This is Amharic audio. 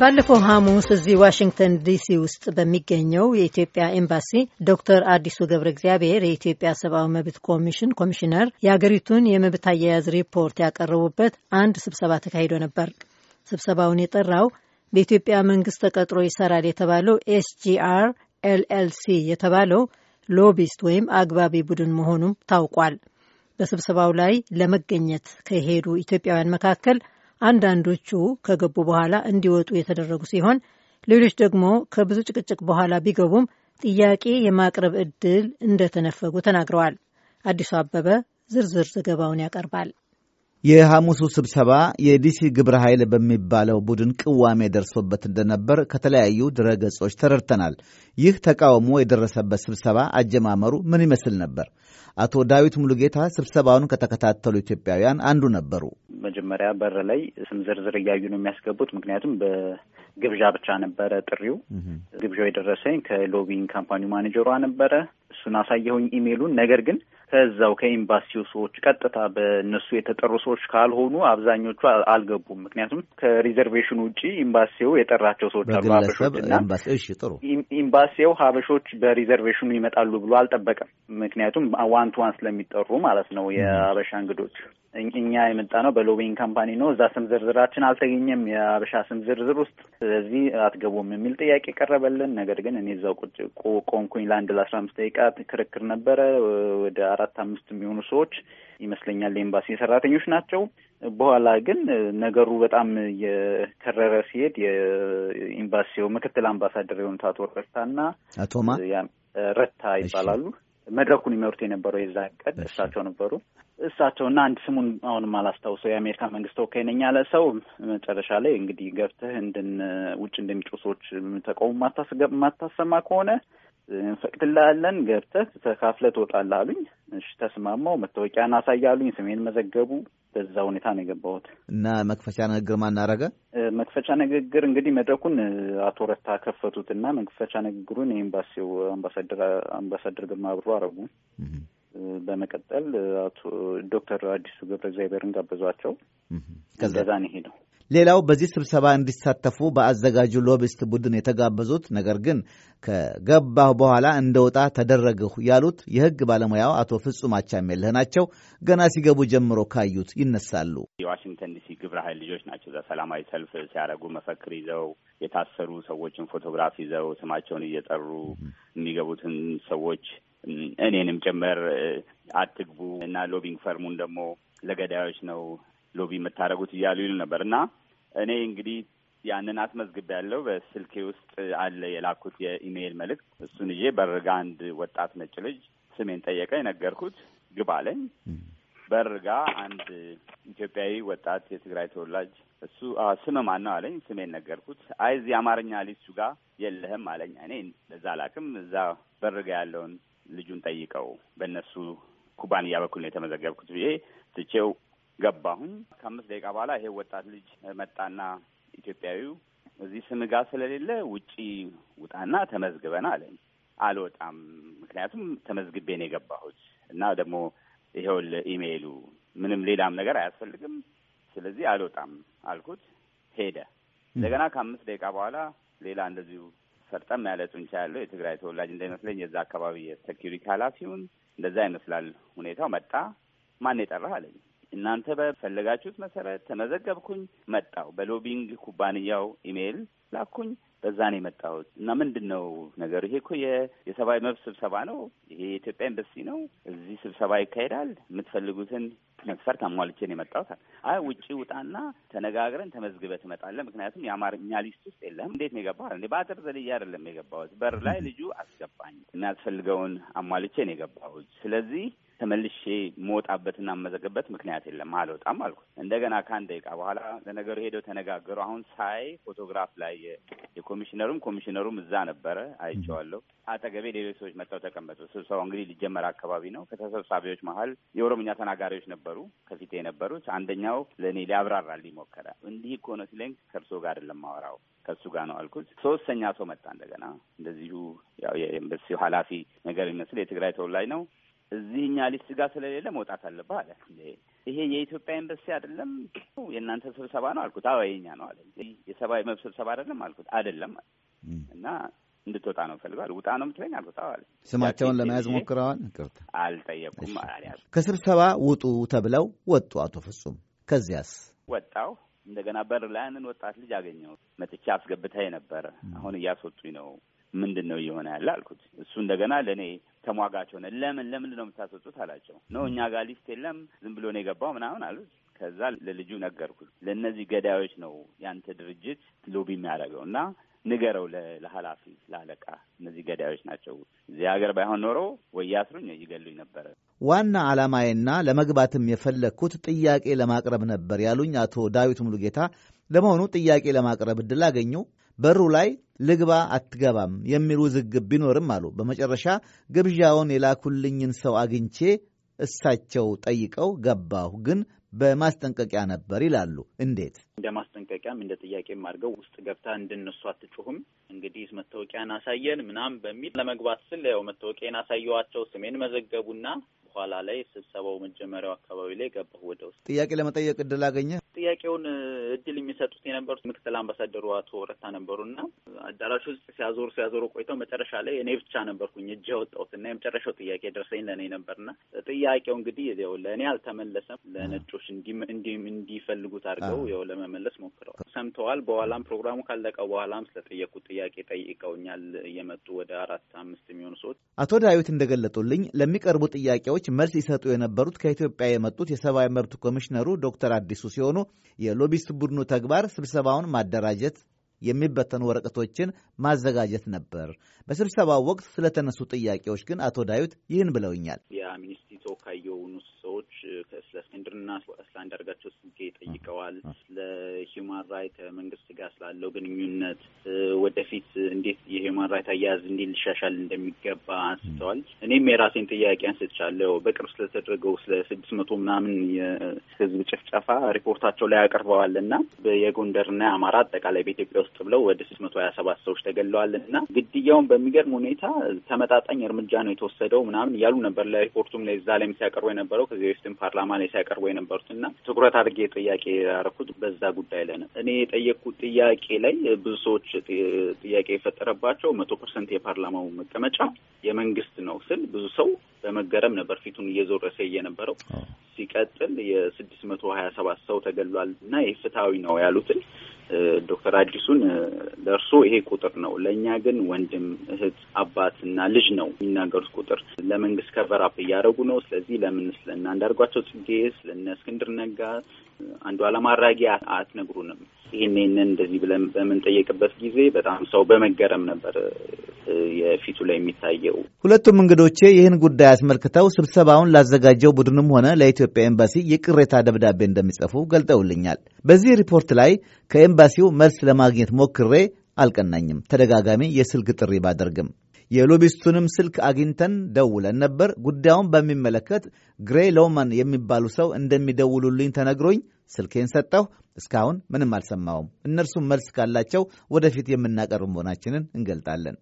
ባለፈው ሐሙስ እዚህ ዋሽንግተን ዲሲ ውስጥ በሚገኘው የኢትዮጵያ ኤምባሲ ዶክተር አዲሱ ገብረ እግዚአብሔር የኢትዮጵያ ሰብአዊ መብት ኮሚሽን ኮሚሽነር የአገሪቱን የመብት አያያዝ ሪፖርት ያቀረቡበት አንድ ስብሰባ ተካሂዶ ነበር። ስብሰባውን የጠራው በኢትዮጵያ መንግስት ተቀጥሮ ይሰራል የተባለው ኤስጂአር ኤልኤልሲ የተባለው ሎቢስት ወይም አግባቢ ቡድን መሆኑም ታውቋል። በስብሰባው ላይ ለመገኘት ከሄዱ ኢትዮጵያውያን መካከል አንዳንዶቹ ከገቡ በኋላ እንዲወጡ የተደረጉ ሲሆን ሌሎች ደግሞ ከብዙ ጭቅጭቅ በኋላ ቢገቡም ጥያቄ የማቅረብ እድል እንደተነፈጉ ተናግረዋል። አዲሱ አበበ ዝርዝር ዘገባውን ያቀርባል። የሐሙሱ ስብሰባ የዲሲ ግብረ ኃይል በሚባለው ቡድን ቅዋሜ ደርሶበት እንደነበር ከተለያዩ ገጾች ተረድተናል። ይህ ተቃውሞ የደረሰበት ስብሰባ አጀማመሩ ምን ይመስል ነበር? አቶ ዳዊት ሙሉጌታ ስብሰባውን ከተከታተሉ ኢትዮጵያውያን አንዱ ነበሩ። መጀመሪያ በር ላይ ስም ዝርዝር እያዩ ነው የሚያስገቡት። ምክንያቱም በግብዣ ብቻ ነበረ ጥሪው። ግብዣው የደረሰኝ ከሎቢንግ ካምፓኒ ማኔጀሯ ነበረ። እሱን አሳየሁኝ ኢሜሉን። ነገር ግን ከዛው ከኤምባሲው ሰዎች ቀጥታ በእነሱ የተጠሩ ሰዎች ካልሆኑ አብዛኞቹ አልገቡም። ምክንያቱም ከሪዘርቬሽን ውጪ ኤምባሲው የጠራቸው ሰዎች አሉ። ጥሩ ኤምባሲው ሀበሾች በሪዘርቬሽኑ ይመጣሉ ብሎ አልጠበቀም። ምክንያቱም ዋን ቱ ዋን ስለሚጠሩ ማለት ነው የሀበሻ እንግዶች እኛ የመጣ ነው በሎቢንግ ካምፓኒ ነው። እዛ ስም ዝርዝራችን አልተገኘም የአበሻ ስም ዝርዝር ውስጥ። ስለዚህ አትገቡም የሚል ጥያቄ ቀረበልን። ነገር ግን እኔ እዛው ቁጭ ቆንኩኝ ለአንድ ለአስራ አምስት ደቂቃ ክርክር ነበረ ወደ አራት አምስት የሚሆኑ ሰዎች ይመስለኛል የኤምባሲ ሰራተኞች ናቸው። በኋላ ግን ነገሩ በጣም የከረረ ሲሄድ የኤምባሲው ምክትል አምባሳደር የሆኑት አቶ ረታ ረታና አቶማ ረታ ይባላሉ መድረኩን የሚመሩት የነበረው የዛ ቀን እሳቸው ነበሩ። እሳቸው እና አንድ ስሙን አሁንም አላስታውሰው የአሜሪካ መንግስት ተወካይ ነኝ ያለ ሰው መጨረሻ ላይ እንግዲህ ገብተህ እንድን ውጭ እንደሚጮ ሰዎች ተቃውሞ ማታሰማ ከሆነ እንፈቅድልሃለን ገብተህ ተካፍለህ ትወጣለህ አሉኝ። እሺ ተስማማው። መታወቂያን አሳያሉኝ። ስሜን መዘገቡ። በዛ ሁኔታ ነው የገባሁት። እና መክፈቻ ንግግር ማናረገ መክፈቻ ንግግር እንግዲህ መድረኩን አቶ ረታ ከፈቱት እና መክፈቻ ንግግሩን የኤምባሲው አምባሳደር አምባሳደር ግርማ አብሮ አረጉ። በመቀጠል አቶ ዶክተር አዲሱ ገብረ እግዚአብሔርን ጋበዟቸው። ከዛ ነው ሄደው ሌላው በዚህ ስብሰባ እንዲሳተፉ በአዘጋጁ ሎቢስት ቡድን የተጋበዙት ነገር ግን ከገባሁ በኋላ እንደወጣ ተደረግሁ ያሉት የህግ ባለሙያው አቶ ፍጹም አቻሜልህ ናቸው። ገና ሲገቡ ጀምሮ ካዩት ይነሳሉ። የዋሽንግተን ዲሲ ግብረ ኃይል ልጆች ናቸው። ሰላማዊ ሰልፍ ሲያደርጉ መፈክር ይዘው የታሰሩ ሰዎችን ፎቶግራፍ ይዘው ስማቸውን እየጠሩ የሚገቡትን ሰዎች እኔንም ጭምር አትግቡ እና ሎቢንግ ፈርሙን ደግሞ ለገዳዮች ነው ሎቢ የምታደርጉት እያሉ ይሉ ነበር እና እኔ እንግዲህ ያንን አስመዝግብ ያለው በስልኬ ውስጥ አለ የላኩት የኢሜይል መልእክት። እሱን ይዤ በርጋ አንድ ወጣት ነጭ ልጅ ስሜን ጠየቀ፣ የነገርኩት ግብ አለኝ። በርጋ አንድ ኢትዮጵያዊ ወጣት የትግራይ ተወላጅ እሱ ስም ማን ነው አለኝ። ስሜን ነገርኩት። አይ እዚህ አማርኛ ሊስቱ ጋር የለህም አለኝ። እኔ እዛ ላክም እዛ በርጋ ያለውን ልጁን ጠይቀው በእነሱ ኩባንያ በኩል ነው የተመዘገብኩት ብዬ ትቼው ገባሁኝ። ከአምስት ደቂቃ በኋላ ይሄ ወጣት ልጅ መጣና ኢትዮጵያዊው እዚህ ስም ጋር ስለሌለ ውጪ ውጣና ተመዝግበን አለኝ። አልወጣም፣ ምክንያቱም ተመዝግቤ ነው የገባሁት እና ደግሞ ይኸውል ኢሜይሉ ምንም ሌላም ነገር አያስፈልግም። ስለዚህ አልወጣም አልኩት። ሄደ። እንደገና ከአምስት ደቂቃ በኋላ ሌላ እንደዚሁ ፈርጠም ያለ ጡንቻ ያለው የትግራይ ተወላጅ እንዳይመስለኝ የዛ አካባቢ የሴኪሪቲ ኃላፊውን እንደዛ ይመስላል ሁኔታው መጣ። ማን የጠራህ አለኝ። እናንተ በፈለጋችሁት መሰረት ተመዘገብኩኝ፣ መጣው በሎቢንግ ኩባንያው ኢሜይል ላኩኝ፣ በዛ ነው የመጣሁት። እና ምንድን ነው ነገሩ? ይሄ እኮ የሰብአዊ መብት ስብሰባ ነው። ይሄ የኢትዮጵያ ኤምበሲ ነው። እዚህ ስብሰባ ይካሄዳል። የምትፈልጉትን መስፈርት አሟልቼ ነው የመጣሁት። አይ ውጭ ውጣና ተነጋግረን ተመዝግበት ትመጣለህ። ምክንያቱም የአማርኛ ሊስት ውስጥ የለህም። እንዴት ነው የገባሁ? እንደ በአጥር ዘልዬ አይደለም የገባሁት። በር ላይ ልጁ አስገባኝ። የሚያስፈልገውን አሟልቼ ነው የገባሁት። ስለዚህ ተመልሼ መወጣበትና መዘገበት ምክንያት የለም። አልወጣም አልኩት። እንደገና ከአንድ ደቂቃ በኋላ ለነገሩ ሄደው ተነጋገሩ። አሁን ሳይ ፎቶግራፍ ላይ የኮሚሽነሩም ኮሚሽነሩም እዛ ነበረ አይቼዋለሁ። አጠገቤ ሌሎች ሰዎች መጥተው ተቀመጡ። ስብሰባው እንግዲህ ሊጀመር አካባቢ ነው። ከተሰብሳቢዎች መሀል የኦሮምኛ ተናጋሪዎች ነበሩ፣ ከፊቴ የነበሩት። አንደኛው ለእኔ ሊያብራራልኝ ሞከረ። እንዲህ እኮ ነው ሲለኝ ከእርሶ ጋር አይደለም ማወራው ጋር ነው አልኩት። ሶስተኛ ሰው መጣ። እንደገና እንደዚሁ ያው የኤምበሲው ኃላፊ ነገር ይመስል የትግራይ ተወላጅ ነው። እዚህ እኛ ሊስት ጋር ስለሌለ መውጣት አለብህ አለ። ይሄ የኢትዮጵያ ኤምበሲ አይደለም የእናንተ ስብሰባ ነው አልኩት። አዎ የኛ ነው አለ። የሰብአዊ መብት ስብሰባ አይደለም አልኩት። አይደለም እና እንድትወጣ ነው ፈልገዋል። ውጣ ነው የምትለኝ አልኩት። አዎ አለ። ስማቸውን ለመያዝ ሞክረዋል። ቅርት አልጠየቁም። ከስብሰባ ውጡ ተብለው ወጡ። አቶ ፍጹም ከዚያስ ወጣው እንደገና በር ላይ ያንን ወጣት ልጅ አገኘው። መጥቻ አስገብታ ነበር፣ አሁን እያስወጡኝ ነው። ምንድን ነው እየሆነ ያለ አልኩት። እሱ እንደገና ለእኔ ተሟጋች ሆነ። ለምን ለምንድን ነው የምታስወጡት አላቸው። ነው እኛ ጋር ሊስት የለም ዝም ብሎ ነው የገባው ምናምን አሉ። ከዛ ለልጁ ነገርኩኝ። ለእነዚህ ገዳዮች ነው ያንተ ድርጅት ሎቢ የሚያደርገው እና ንገረው ለኃላፊ ለአለቃ እነዚህ ገዳዮች ናቸው። እዚህ ሀገር ባይሆን ኖሮ ወይ ያስሩኝ ወይ ይገሉኝ ነበረ። ዋና ዓላማዬና ለመግባትም የፈለግኩት ጥያቄ ለማቅረብ ነበር ያሉኝ አቶ ዳዊት ሙሉጌታ፣ ለመሆኑ ጥያቄ ለማቅረብ እድል አገኙ? በሩ ላይ ልግባ አትገባም የሚል ውዝግብ ቢኖርም አሉ በመጨረሻ ግብዣውን የላኩልኝን ሰው አግኝቼ እሳቸው ጠይቀው ገባሁ ግን በማስጠንቀቂያ ነበር ይላሉ። እንዴት እንደ ማስጠንቀቂያም እንደ ጥያቄም አድርገው ውስጥ ገብታ እንድንሱ አትጩሁም፣ እንግዲህ መታወቂያን አሳየን ምናምን በሚል ለመግባት ስል ያው መታወቂያን አሳየዋቸው ስሜን መዘገቡና በኋላ ላይ ስብሰባው መጀመሪያው አካባቢ ላይ ገባሁ ወደ ውስጥ። ጥያቄ ለመጠየቅ እድል አገኘ። ጥያቄውን እድል የሚሰጡት የነበሩት ምክትል አምባሳደሩ አቶ ረታ ነበሩና አዳራሹ ውስጥ ሲያዞሩ ሲያዞሩ ቆይተው መጨረሻ ላይ እኔ ብቻ ነበርኩኝ እጅ ያወጣሁት እና የመጨረሻው ጥያቄ ደርሰኝ ለእኔ ነበርና ጥያቄው እንግዲህ ያው ለእኔ አልተመለሰም። ለነጮች እንዲፈልጉት አድርገው ያው ለመመለስ ሞክረዋል። ሰምተዋል። በኋላም ፕሮግራሙ ካለቀ በኋላም ስለጠየቁት ጥያቄ ጠይቀውኛል። እየመጡ ወደ አራት አምስት የሚሆኑ ሰዎች አቶ ዳዊት እንደገለጡልኝ ለሚቀርቡ ጥያቄዎች ጥያቄዎች መልስ ይሰጡ የነበሩት ከኢትዮጵያ የመጡት የሰብአዊ መብት ኮሚሽነሩ ዶክተር አዲሱ ሲሆኑ የሎቢስት ቡድኑ ተግባር ስብሰባውን ማደራጀት፣ የሚበተኑ ወረቀቶችን ማዘጋጀት ነበር። በስብሰባው ወቅት ስለተነሱ ጥያቄዎች ግን አቶ ዳዊት ይህን ብለውኛል። የሚኒስትሪ ተወካይ የሆኑት ሰዎች ስለ እስክንድርና ስለ አንዳርጋቸው ጽጌ ጠይቀዋል። ለሂውማን ራይት መንግስት ጋር ስላለው ግንኙነት ወደፊት እንዴት የሂውማን ራይት አያያዝ እንዴት ሊሻሻል እንደሚገባ አንስተዋል። እኔም የራሴን ጥያቄ አንስቻለሁ። በቅርብ ስለተደረገው ስለ ስድስት መቶ ምናምን የህዝብ ጭፍጨፋ ሪፖርታቸው ላይ ያቀርበዋል እና የጎንደርና የአማራ አጠቃላይ በኢትዮጵያ ውስጥ ብለው ወደ ስድስት መቶ ሀያ ሰባት ሰዎች ተገለዋል እና ግድያውን በሚገርም ሁኔታ ተመጣጣኝ እርምጃ ነው የተወሰደው ምናምን እያሉ ነበር ለሪፖርቱም ላይ እዛ ላይም ሲያቀርቡ የነበረው ከዚ የዩኤስን ፓርላማ ላይ ሲያቀርቡ የነበሩት እና ትኩረት አድርጌ ጥያቄ ያደረኩት በዛ ጉዳይ ላይ ነው። እኔ የጠየቅኩት ጥያቄ ላይ ብዙ ሰዎች ጥያቄ የፈጠረባቸው መቶ ፐርሰንት የፓርላማው መቀመጫ የመንግስት ነው ስል ብዙ ሰው በመገረም ነበር ፊቱን እየዞረሰ የነበረው። ሲቀጥል የስድስት መቶ ሀያ ሰባት ሰው ተገሏል እና ይህ ፍትሐዊ ነው ያሉትን ዶክተር አዲሱን ለእርሶ ይሄ ቁጥር ነው፣ ለእኛ ግን ወንድም፣ እህት፣ አባት እና ልጅ ነው የሚናገሩት ቁጥር። ለመንግስት ከበራፕ እያደረጉ ነው። ስለዚህ ለምን ስለና አንዳርጓቸው ጽጌ ስለነ እስክንድር ነጋ አንዱ አለማራጊ አትነግሩንም? ይህን ይህንን እንደዚህ ብለን በምንጠየቅበት ጊዜ በጣም ሰው በመገረም ነበር የፊቱ ላይ የሚታየው። ሁለቱም እንግዶቼ ይህን ጉዳይ አስመልክተው ስብሰባውን ላዘጋጀው ቡድንም ሆነ ለኢትዮጵያ ኤምባሲ የቅሬታ ደብዳቤ እንደሚጽፉ ገልጠውልኛል። በዚህ ሪፖርት ላይ ከኤምባሲው መልስ ለማግኘት ሞክሬ አልቀናኝም። ተደጋጋሚ የስልክ ጥሪ ባደርግም የሎቢስቱንም ስልክ አግኝተን ደውለን ነበር። ጉዳዩን በሚመለከት ግሬ ሎማን የሚባሉ ሰው እንደሚደውሉልኝ ተነግሮኝ ስልኬን ሰጠሁ። እስካሁን ምንም አልሰማውም። እነርሱም መልስ ካላቸው ወደፊት የምናቀርብ መሆናችንን እንገልጣለን።